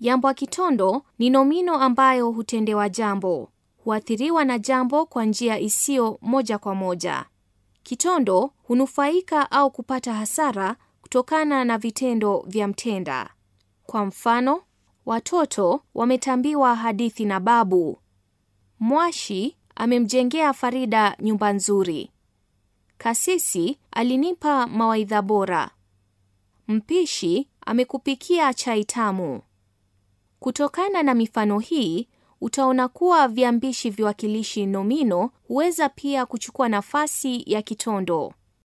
Yambwa kitondo ni nomino ambayo hutendewa jambo, huathiriwa na jambo kwa njia isiyo moja kwa moja. Kitondo hunufaika au kupata hasara kutokana na vitendo vya mtenda. Kwa mfano, watoto wametambiwa hadithi na babu. Mwashi amemjengea Farida nyumba nzuri. Kasisi alinipa mawaidha bora. Mpishi amekupikia chai tamu. Kutokana na mifano hii utaona kuwa viambishi viwakilishi nomino huweza pia kuchukua nafasi ya kitondo.